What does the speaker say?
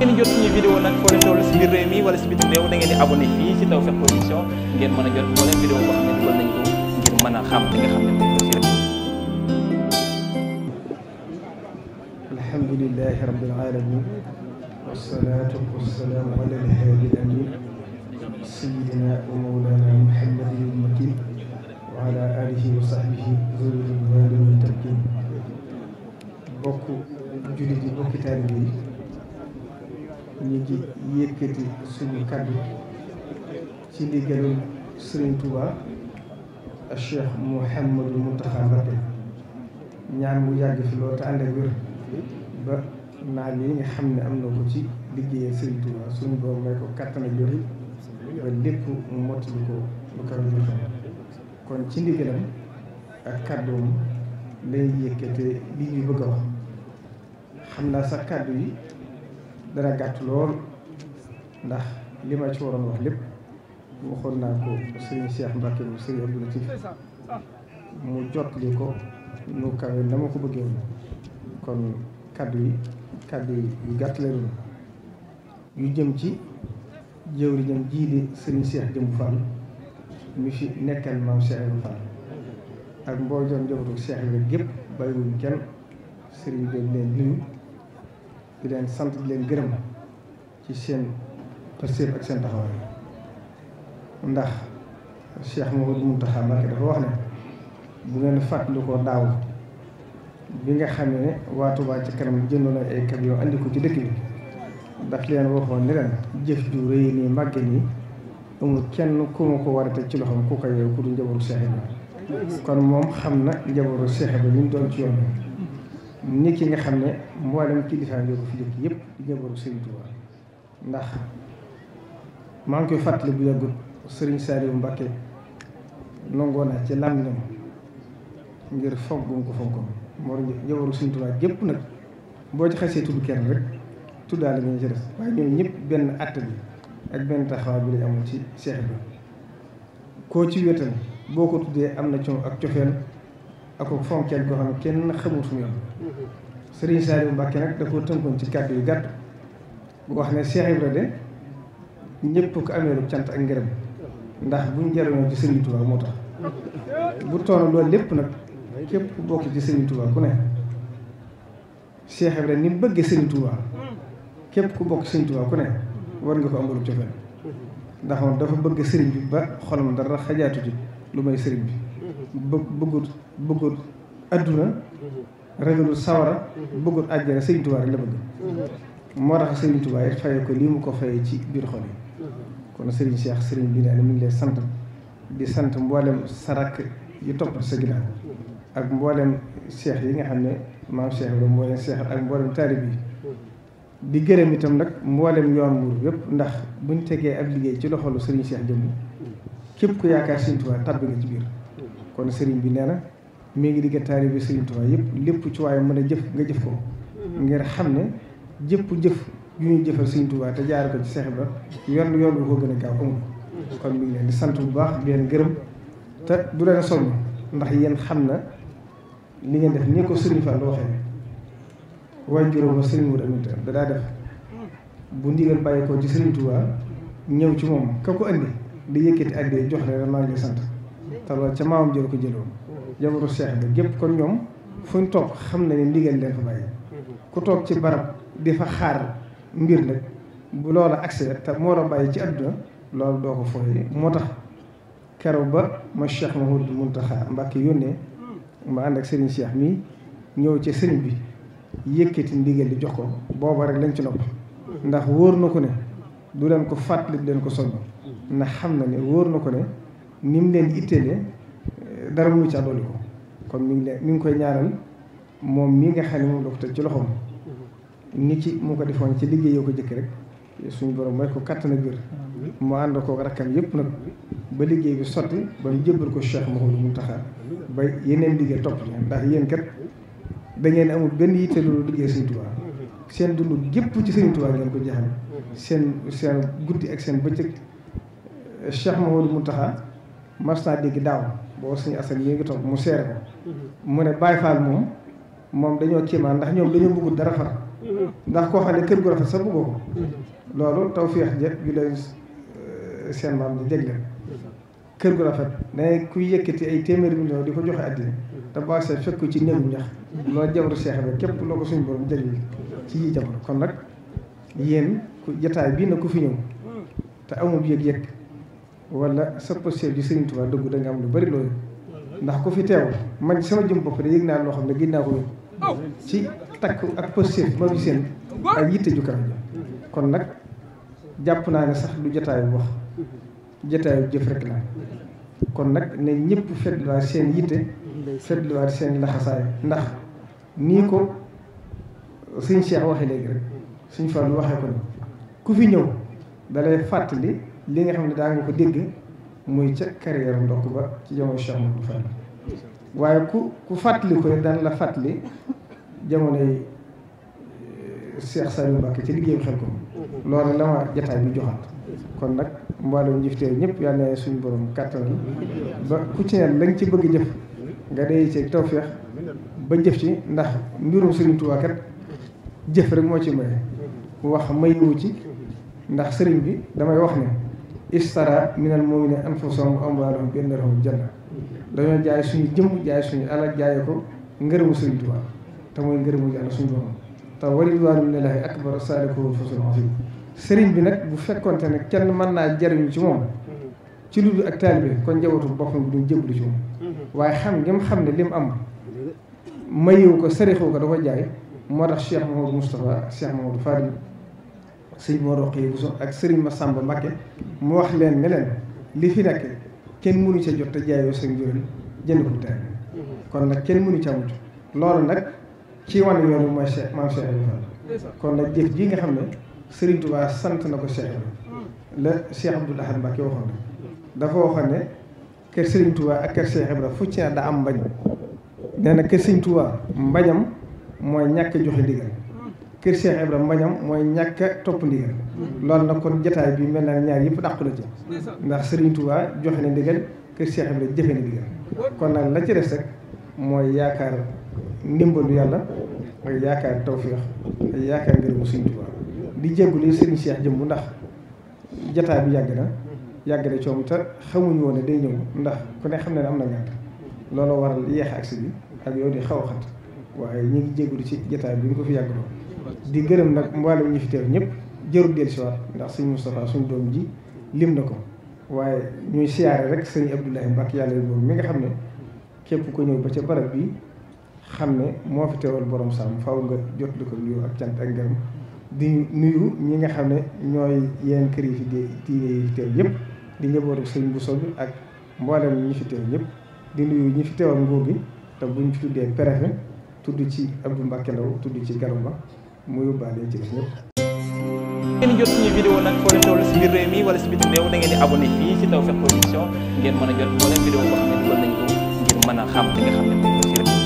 ngeen jot suñu vidéo nag foo leen toll si biir réew mi wala si biir réew da ngeen di abonné fii si Tawfekh Production ngeen mën a jot moo leen vidéo boo xam ne dugal nañ ko ngir mën a xam li nga xam ne moom la rek. alhamdulilah rabbil alamin wasalaatu wasalaamu ala alhaadi al amin sayidina wa mawlana muhammadin al makin wa ala alihi wa sahbihi zuriyatan wa tabkin bokk jullit yi bokk taalibe yi ñu ngi yëkkati suñu kàddu ci ndigalu Serigne Touba ak Cheikh Mouhamadou Mountakha Mbacké ñaan bu yàgg fi loolu te ànd ak wér ba naa yi xam ne am na ko ci liggéeyal Serigne Touba suñu boobu may ko kàttan ak wér ba lépp mu mottali ko lu kaw ñu kon ci ndigalam ak kàddoom lañ yëkkate li ñu bëgg a wax xam naa sax kàddu yi. dana gàtt lool ndax li ma ci waroon wax lépp waxoon naa ko sëriñ Cheikh Mbacke mu sëriñ Abdou Latif mu jot li ko nu kawe na ma ko bëggee kon kaddu yi kaddu yi yu gàtt la yu jëm ci jëwriñam jii di sëriñ Cheikh Jëmb Fall mi fi nekkal maam Cheikh Ibra Fall ak mboojoon njabootu Cheikh Ibra gépp bàyyiwuñ kenn sëriñ bi leen nuyu di leen sant di leen gërëm ci seen pasteef ak seen taxawaay ndax Cheikh Mouhamadou Mountakha Mbacké dafa wax ne bu ngeen fàttalikoo daaw bi nga xam ne waa ci kanam jëndoon na ay camion andi ko ci dëkk bi daf leen waxoon ne jëf ju rëy nii màgge nii amul kenn ku ma ko war a teg ci loxoom ku ko yow ku du njabootu Cheikh Ibrahima kon moom xam na njabootu Cheikh Ibrahima li mu doon ci yoon nit ki nga xam ne mboolem kilifaam yooyu fi jóg yëpp di jabaru Serigne Touba ndax maa ngi koy fàttali bu yàggut Serigne Saliou Mbacké nangoo na ci làmmiñam ngir foggum ko foggum moo jabaru Serigne Touba yëpp nag boo ci xasee tudd kenn rek tuddaale ñu ci des waaye ñoom ñëpp benn att bi ak benn taxawaay bi lañ amoon ci seex bi koo ci wéetal boo ko tuddee am na coow ak cofeel ak ko fonkeel goo xam ne kenn xamul fu mu yem Serigne Saliou Mbacké nag ci kàddu yu gàtt bu wax ne Cheikh Ibra de ñëpp ko ameelu cant ak ngërëm ndax buñ ci Serigne moo tax bu toon loolu lépp nag képp ku bokk ci Serigne Touba ku ne Cheikh Ibra ni bëgg Serigne Touba ku bokk Serigne ku ne war nga ko ambalu cofeel ndax dafa bëgg Serigne bi ba xolam dara xajaatu ji lu may Serigne bi bëggul bëggul adduna ragalul sawara bëggul àjjana sëñ Tuubaa rek la bëgg moo tax sëñ Tuubaa it fayee ko lii mu ko fayee ci biir xol yi kon sëriñ Cheikh sëriñ bi ne mi ngi lay sant di sant mboolem sarak yu topp sa ginnaaw ak mboolem cheikh yi nga xam ne maam cheikh la mboolem cheikh ak mboolem taalib yi di gërëm itam nag mboolem yoon wuur yëpp ndax ñu tegee ak liggéey ci loxolu sëriñ Cheikh jëmm képp ku yaakaar sëriñ Tuubaa tàbbi nga ci biir kon sëriñ bi nee na mi ngi digg taalibe sëriñ Tuubaa yëpp lépp ci waaye mën a jëf nga jëf ko mhm. ngir xam ne jëpp jëf yu ñuy jëfal sëriñ Tuubaa te jaar ko ci Seex Ibra yoon yoon bu ko gën mhm. kon mi sant bu baax di gërëm te du leen sonn ndax yéen xam na li ngeen def ni ko sëriñ Fall waxee waaye juróom ba sëriñ Mourou def bu ndigal bàyyi ko ci sëriñ ñëw ci moom ka ko andi di ak àddee jox la maa ngi sant te loolu ca maamam jël ko jëloon jabaru seex ba gépp kon ñoom fuñ toog xam na ne ndigal leen fa bàyyi ku toog ci barab di fa xaar mbir nag bu loola accès te moo la bàyyi ci àdduna loolu doo ko fooy moo tax keroog ba ma Cheikh Mouhamadou Mountakha Mbacké yónnee ma ànd ak Serigne Cheikh mii ñëw ci sëriñ bi yëkkati ndigal di jox ko booba rek lañ ci nopp ndax wóor na ko ne du leen ko fàttali leen ko sonn ndax xam na ne wóor na ko ne ni mu leen itteele dara mënu caa dolli ko kon mu ngi leen mi ngi koy ñaaral moom mii nga xam ne moom la ko ci loxoom mm-hmm. ni ci mu ko defoon ci liggéey yoo ko jëkk rek suñu borom may ko kattan ak mu ànd ko rakkam yëpp nag ba liggéey bi sotti ba ñu jébbal ko Cheikh Mouhamadou Mountakha ba yeneen liggéey topp ci ndax yéen kat da ngeen amul benn yitte loolu liggéey Sëriñ Tuubaa mm-hmm. seen dund gépp ci Sëriñ Tuubaa ngeen ko jeexal mm-hmm. seen seen guddi ak seen bëccëg Cheikh mu taxa mas naa dégg daaw boo suñu asan mi ngi toog mu seere ko mu ne Baye Fall moom moom dañoo kéemaan ndax ñoom dañoo bëggul dara far ndax koo xam ne kër gu rafet sax bëggoo ko loolu taw féex jë ju leen euh, seen maam di dégg gu rafet dangay kuy yëkkati ay téeméeri million di ko joxe te boo seet fekk ci néegu ñax loolu jabaru seex ba képp loo ko suñu borom jëli ci yi jabar kon nag yéen ku jataay bii na ku fi ñëw te amul yëg-yëg wala sa posture bi Serigne Touba dugg da am lu bari loolu ndax ku fi teew man sama jëm bopp de yëg naa loo xam ne gis naa ko ci takk ak posture bi ma bi seen ak yitte ju kanam kon nag jàpp naa ne sax lu jotaayu wax jotaayu jëf rek la kon nag ne ñëpp fetluwaat seen yitte fetluwaat seen laxasaay ndax nii ko suñ Cheikh waxee léegi rek suñ Fallou waxee ko ni ku fi ñëw dalay fàttali li nga xam ne daa nga ko dégg muy ca carrière ndokk ba ci jamono Cheikh Mouhamadou Fall waaye ku ku fàttali ko daan la fàttali jamonoy euh, Cheikh Saliou Mbacké ci liggéeyam xel ko loolu la ma jataay bi joxaat kon nag mboolem jëftee ñëpp yàlla na suñu borom kàttan ba ku ci ne lañ ci bëgg jëf nga day ci tawféex ba jëf ci ndax mbirum Serigne Touba jëf rek moo ci maye wax mayewu ci ndax sëriñ bi damay wax ne istara minal mu'minina am wa amwaalahum bi anna lahumul janna dañoo jaay suñu jëmm jaay suñu alal jaay ko ngërëmu Sëriñ Tuubaa te mooy ngërëmu yàlla suñu borom te wa ridwaanu lillaahi akbar saalikoo fasul azim sëriñ bi nag bu fekkonte ne kenn mën naa jariñu ci moom ci lu dul ak taalibe kon njabootu boppam duñ jébbalu ci moom waaye xam ngeen xam ne lim am mayewu ko sërixu ko dafa jaay moo tax Cheikh Mamadou Moustapha Cheikh Mamadou Fadil sëñ Mor Roqe Bousso ak sëriñ Massamba Mbakke mu wax leen ne leen li fi nekk kenn mënu ca jot te jaayoo sëñ Njuréel jënd ko teel kon nag kenn mënu ca amut loolu nag ci wane yoonu mooy Cheikh maam Cheikh Ibrahima kon nag jëf ji nga xam ne sëriñ Touba sant na ko Cheikh la Cheikh Abdoul Ahad Mbakke waxoon na dafa waxoon ne kër sëriñ Touba ak kër Cheikh Ibrahima fu ci ne daa am mbañ nee na kër sëriñ Touba mbañam mooy ñàkk joxe ndigal. kër seex Ibrahima mbañam mooy ñàkk a topp ndigal lool nag kon jataay bi mel naa ñaar yëpp dàqu na ci ndax Serigne Touba joxe na ndigal kër Cheikh Ibrahima jëfe na kon nag la ci des mooy yaakaar ndimbalu yàlla ak yaakaar tawféex ak yaakaar ngërëmu Serigne Touba di jéggulu Serigne Cheikh jëmm ndax jataay bi yàgg na yàgg na coom te xamuñu woon ne day ñëw ndax ku ne xam ne am na ngànt looloo waral yeex agsi bi ak yow di xaw a xat waaye ñu ngi jéggulu ci jataay bi ñu ko fi yàgg di gërëm nag mboolem ñi fi teew ñëpp jërul del si ndax sëñ Moustapha suñ doom ji lim na ko waaye ñuy siyaare rek sëñ Abdoulahi Mbacke yàlla boobu mi nga xam ne képp ku ñëw ba ca barab bi xam ne moo fi teewal borom sàmm faaw nga jot ko nuyu cant ak ngërëm di nuyu ñi nga xam ne ñooy yeen kër yi fi yëpp di njabootu sëñ Bousso bi ak mboolem ñi fi teew ñëpp di nuyu ñi fi teewal nguur gi te buñ fi tuddee préfet tudd ci Abdou Mbacke Ndaw tudd ci Gallo Ba mu yóbbaale ci ñun ñëpp. ngeen jot suñu vidéo nag foo leen toll si biir réew mi wala si biti réew da ngeen di abonné fii si Tawfekh Production ngeen mën a jot moo leen vidéo boo ma ne dugal nañ ko ngir mën a xam li nga xam ne